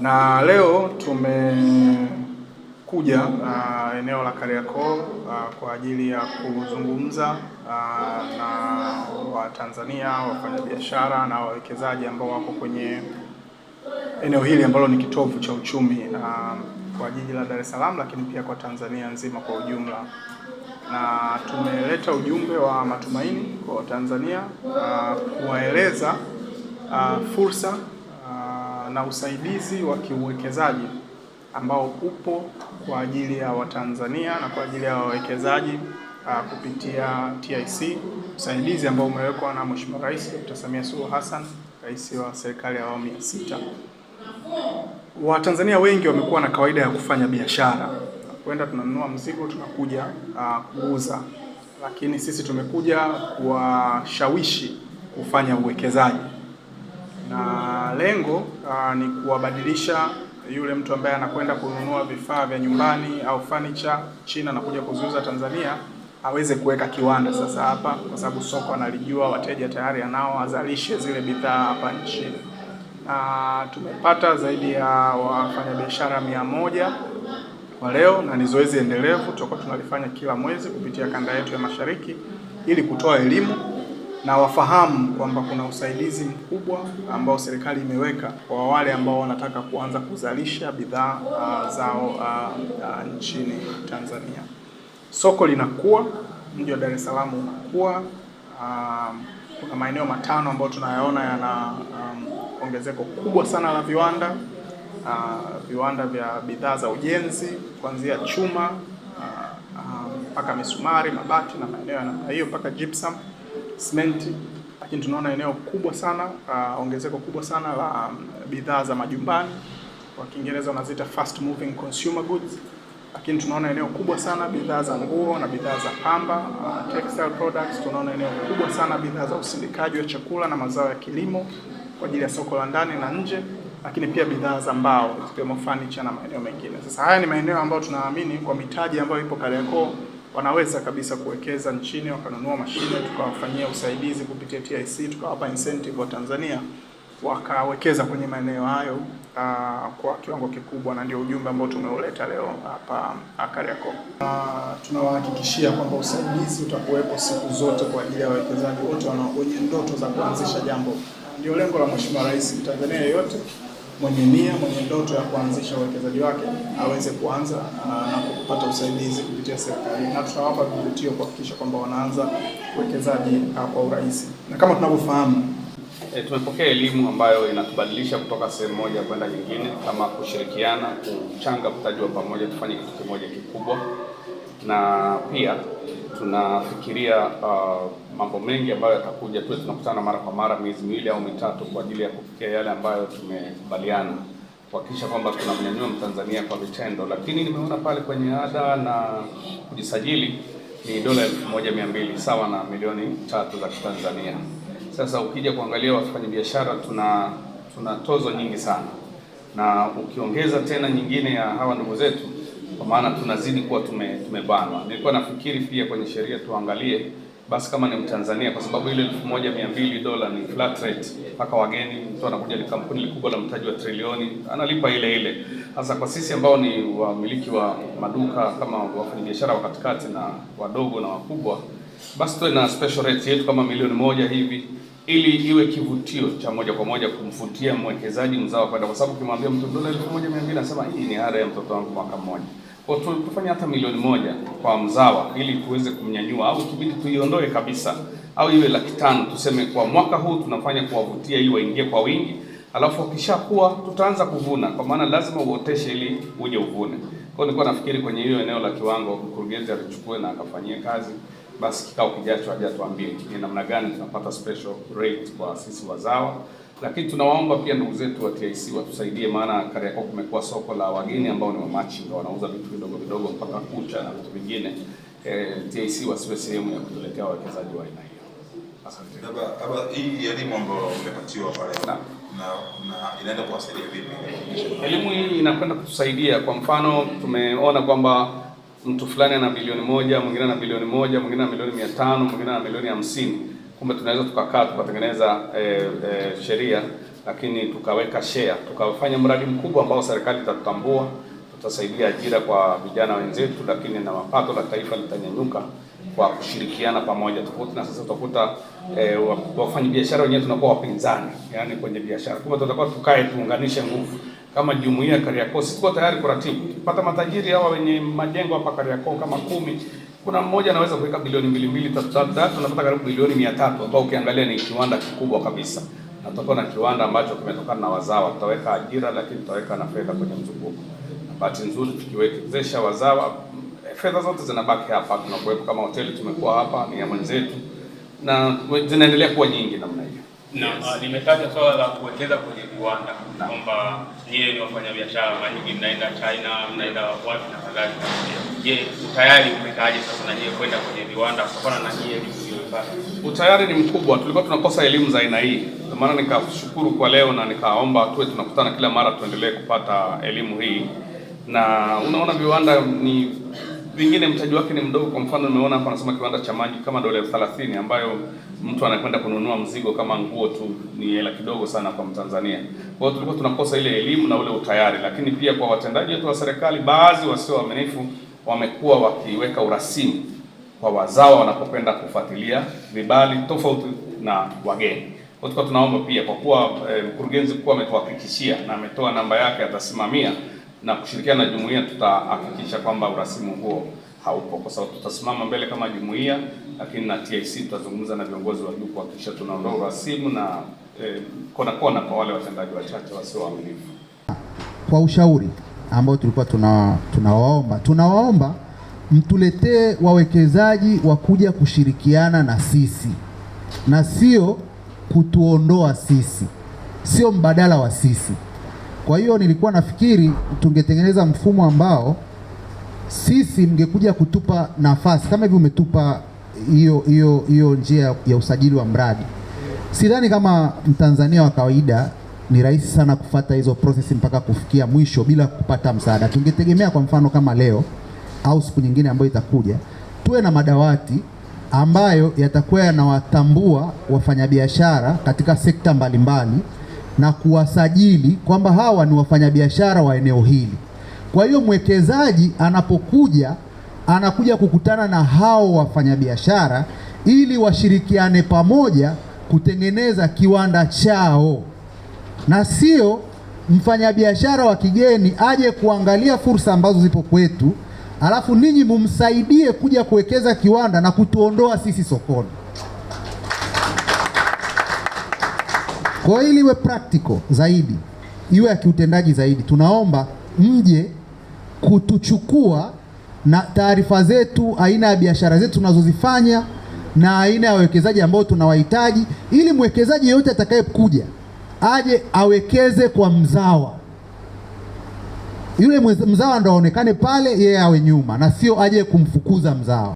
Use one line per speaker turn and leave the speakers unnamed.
na leo tumekuja uh, eneo la Kariakoo uh, kwa ajili ya kuzungumza uh, na Watanzania wafanyabiashara na wawekezaji ambao wako kwenye eneo hili ambalo ni kitovu cha uchumi uh, kwa jiji la Dar es Salaam, lakini pia kwa Tanzania nzima kwa ujumla na tumeleta ujumbe wa matumaini kwa Tanzania uh, kuwaeleza uh, fursa Uh, na usaidizi wa kiuwekezaji ambao upo kwa ajili ya Watanzania na kwa ajili ya wawekezaji uh, kupitia TIC, usaidizi ambao umewekwa na Mheshimiwa Rais Dr. Samia Suluhu Hassan, rais wa serikali ya awamu ya sita. Watanzania wengi wamekuwa na kawaida ya kufanya biashara, kwenda tunanunua mzigo tunakuja uh, kuuza, lakini sisi tumekuja kuwashawishi kufanya uwekezaji na lengo uh, ni kuwabadilisha yule mtu ambaye anakwenda kununua vifaa vya nyumbani au furniture China na kuja kuziuza Tanzania aweze kuweka kiwanda sasa hapa, kwa sababu soko analijua, wateja tayari anao, azalishe zile bidhaa hapa nchini. na ah, tumepata zaidi ya wafanyabiashara mia moja kwa leo na ni zoezi endelevu, tutakuwa tunalifanya kila mwezi kupitia kanda yetu ya mashariki ili kutoa elimu na wafahamu kwamba kuna usaidizi mkubwa ambao serikali imeweka kwa wale ambao wanataka kuanza kuzalisha bidhaa uh, zao uh, uh, nchini Tanzania. Soko linakuwa, mji wa Dar es Salaam unakuwa. Uh, um, kuna maeneo matano ambayo tunayaona yana um, ongezeko kubwa sana la viwanda uh, viwanda vya bidhaa za ujenzi kuanzia chuma mpaka uh, uh, misumari, mabati na maeneo ya namna hiyo mpaka gypsum simenti, lakini tunaona eneo kubwa sana uh, ongezeko kubwa sana la um, bidhaa za majumbani, kwa Kiingereza wanaziita fast moving consumer goods, lakini tunaona eneo kubwa sana bidhaa za nguo na bidhaa za pamba uh, textile products. Tunaona eneo kubwa sana bidhaa za usindikaji wa chakula na mazao ya kilimo kwa ajili ya soko la ndani na nje, lakini pia bidhaa za mbao zikiwemo furniture na maeneo mengine. Sasa haya ni maeneo ambayo tunaamini kwa mitaji ambayo ipo Kariakoo wanaweza kabisa kuwekeza nchini wakanunua mashine, tukawafanyia usaidizi kupitia TIC, tukawapa incentive wa Tanzania wakawekeza kwenye maeneo hayo ah, kwa kiwango kikubwa, na ndio ujumbe ambao tumeuleta leo hapa ah, Kariakoo. Ah, tunawahakikishia kwamba usaidizi utakuwepo siku zote kwa ajili ya wawekezaji wote wenye ndoto za kuanzisha jambo. Ndio lengo la Mheshimiwa Rais, Mtanzania yeyote mwenye nia, mwenye ndoto ya kuanzisha uwekezaji wake aweze kuanza uh, na kupata usaidizi kupitia serikali, na tutawapa vivutio kuhakikisha kwamba wanaanza uwekezaji uh, kwa urahisi. Na kama tunavyofahamu e, tumepokea elimu ambayo inatubadilisha kutoka sehemu moja kwenda nyingine, kama kushirikiana, kuchanga mtaji wa pamoja, tufanye kitu kimoja kikubwa, na pia tunafikiria uh, mambo mengi ambayo yatakuja, tuwe tunakutana mara kwa mara miezi miwili au mitatu kwa ajili ya kufikia yale ambayo tumekubaliana kuhakikisha kwamba tunamnyanyua Mtanzania kwa vitendo. Lakini nimeona pale kwenye ada na kujisajili ni dola elfu moja mia mbili sawa na milioni tatu za Kitanzania. Sasa ukija kuangalia wafanyabiashara, tuna tuna tozo nyingi sana, na ukiongeza tena nyingine ya hawa ndugu zetu kwa maana tunazidi kuwa tume, tumebanwa. Nilikuwa nafikiri pia kwenye sheria tuangalie basi kama ni Mtanzania kwa sababu ile elfu moja mia mbili dola ni flat rate mpaka wageni. Mtu anakuja ni kampuni kubwa la mtaji wa trilioni analipa ile ile. Sasa kwa sisi ambao ni wamiliki wa maduka kama wafanyabiashara wa katikati na wadogo na wakubwa, basi tuwe na special rate yetu kama milioni moja hivi, ili iwe kivutio cha moja kwa moja kumvutia mwekezaji mzawa kwenda, kwa sababu ukimwambia mtu dola elfu moja mia mbili anasema hii ni ada ya mtoto wangu mwaka mmoja. Tulifanya hata milioni moja kwa mzawa ili tuweze kumnyanyua, au ikibidi tuiondoe kabisa, au iwe laki tano, tuseme kwa mwaka huu tunafanya kuwavutia ili waingie kwa wingi, alafu wakishakuwa tutaanza kuvuna, kwa maana lazima uoteshe ili uje uvune. Kwa hiyo nilikuwa nafikiri kwenye hiyo eneo la kiwango mkurugenzi alichukue na akafanyie kazi, basi kikao kijacho aje ni namna gani tunapata special rate kwa sisi wazawa lakini tunawaomba pia ndugu zetu wa TIC watusaidie, maana Kariakoo kumekuwa soko la wageni ambao ni wamachinga, wanauza vitu vidogo vidogo mpaka kucha na vitu vingine. E, eh, TIC wasiwe sehemu ya kutuletea wawekezaji wa aina hiyo.
Asante. Baba, hii elimu ambayo umepatiwa pale na na inaenda kuwasaidia vipi?
Elimu hii inakwenda kutusaidia, kwa mfano tumeona kwamba mtu fulani ana bilioni moja, mwingine ana bilioni moja, mwingine ana milioni mia tano, mwingine ana milioni hamsini kumbe tunaweza tukakaa tukatengeneza e, e, sheria lakini tukaweka share, tukafanya mradi mkubwa ambao serikali itatutambua, tutasaidia ajira kwa vijana wenzetu, lakini na mapato la taifa litanyanyuka kwa kushirikiana pamoja, tofauti na sasa utakuta e, biashara wenyewe tunakuwa wapinzani, yani kwenye biashara. Kumbe tutakuwa tukae tuunganishe nguvu kama jumuiya ya Kariakoo, sikuwa tayari kuratibu, tupata matajiri hawa wenye majengo hapa Kariakoo kama kumi kuna mmoja anaweza kuweka bilioni mbili mbili tatu tatu tatu, unapata karibu bilioni mia tatu ambao ukiangalia ni kiwanda kikubwa kabisa, na tutakuwa na kiwanda ambacho kimetokana na wazawa. Tutaweka ajira, lakini tutaweka na fedha kwenye mzunguko. Bahati nzuri tukiwezesha wazawa, fedha zote zinabaki hapa, tunakuwepo kama hoteli, tumekuwa hapa ni ya mwenzetu na zinaendelea kuwa nyingi namna
Yes. Ah, nimetaja swala la kuwekeza kwenye viwanda kwamba nyie ni wafanya mara nyingi mnaenda China, mnaenda wapi na kadhalika. Je, utayari umekaje sasa na nyie kwenda kwenye viwanda kutokana na nyie elimu mliyoipata?
Utayari ni mkubwa, tulikuwa tunakosa elimu za aina hii, kwa maana nikashukuru kwa leo na nikaomba tuwe tunakutana kila mara tuendelee kupata elimu hii, na unaona viwanda ni vingine mtaji wake ni mdogo. Kwa mfano, nimeona hapa anasema kiwanda cha maji kama dola elfu thelathini ambayo mtu anakwenda kununua mzigo kama nguo tu ni hela kidogo sana kwa Mtanzania. Kwa hiyo tulikuwa tunakosa ile elimu na ule utayari, lakini pia kwa watendaji wetu wa serikali baadhi wasio waaminifu wamekuwa wakiweka urasimu kwa wazawa wanapokwenda kufuatilia vibali tofauti na wageni. Kwa hiyo tunaomba pia kwa kuwa eh, mkurugenzi eh, mkuu ametuhakikishia na ametoa namba yake atasimamia na kushirikiana na jumuiya tutahakikisha kwamba urasimu huo haupo, kwa sababu tutasimama mbele kama jumuiya, lakini na TIC tutazungumza na viongozi wa juu kuhakikisha tunaondoa urasimu na eh, kona kona kwa wale watendaji wachache wasio waaminifu.
Kwa ushauri ambao tulikuwa tuna tunawaomba tunawaomba mtuletee wawekezaji wa kuja kushirikiana na sisi na sio kutuondoa sisi, sio mbadala wa sisi. Kwa hiyo nilikuwa nafikiri tungetengeneza mfumo ambao sisi mngekuja kutupa nafasi kama hivi umetupa hiyo hiyo hiyo njia ya usajili wa mradi. Sidhani kama Mtanzania wa kawaida ni rahisi sana kufata hizo prosesi mpaka kufikia mwisho bila kupata msaada. Tungetegemea kwa mfano kama leo au siku nyingine ambayo itakuja tuwe na madawati ambayo yatakuwa yanawatambua wafanyabiashara katika sekta mbalimbali mbali, na kuwasajili kwamba hawa ni wafanyabiashara wa eneo hili. Kwa hiyo mwekezaji anapokuja anakuja kukutana na hao wafanyabiashara ili washirikiane pamoja kutengeneza kiwanda chao, na sio mfanyabiashara wa kigeni aje kuangalia fursa ambazo zipo kwetu, alafu ninyi mumsaidie kuja kuwekeza kiwanda na kutuondoa sisi sokoni. Kwa hiyo ili iwe practical zaidi, iwe ya kiutendaji zaidi, tunaomba mje kutuchukua na taarifa zetu, aina ya biashara zetu tunazozifanya na aina ya wawekezaji ambao tunawahitaji, ili mwekezaji yeyote atakayekuja aje awekeze kwa mzawa. Yule mzawa ndo aonekane pale, yeye awe nyuma na sio aje kumfukuza mzawa.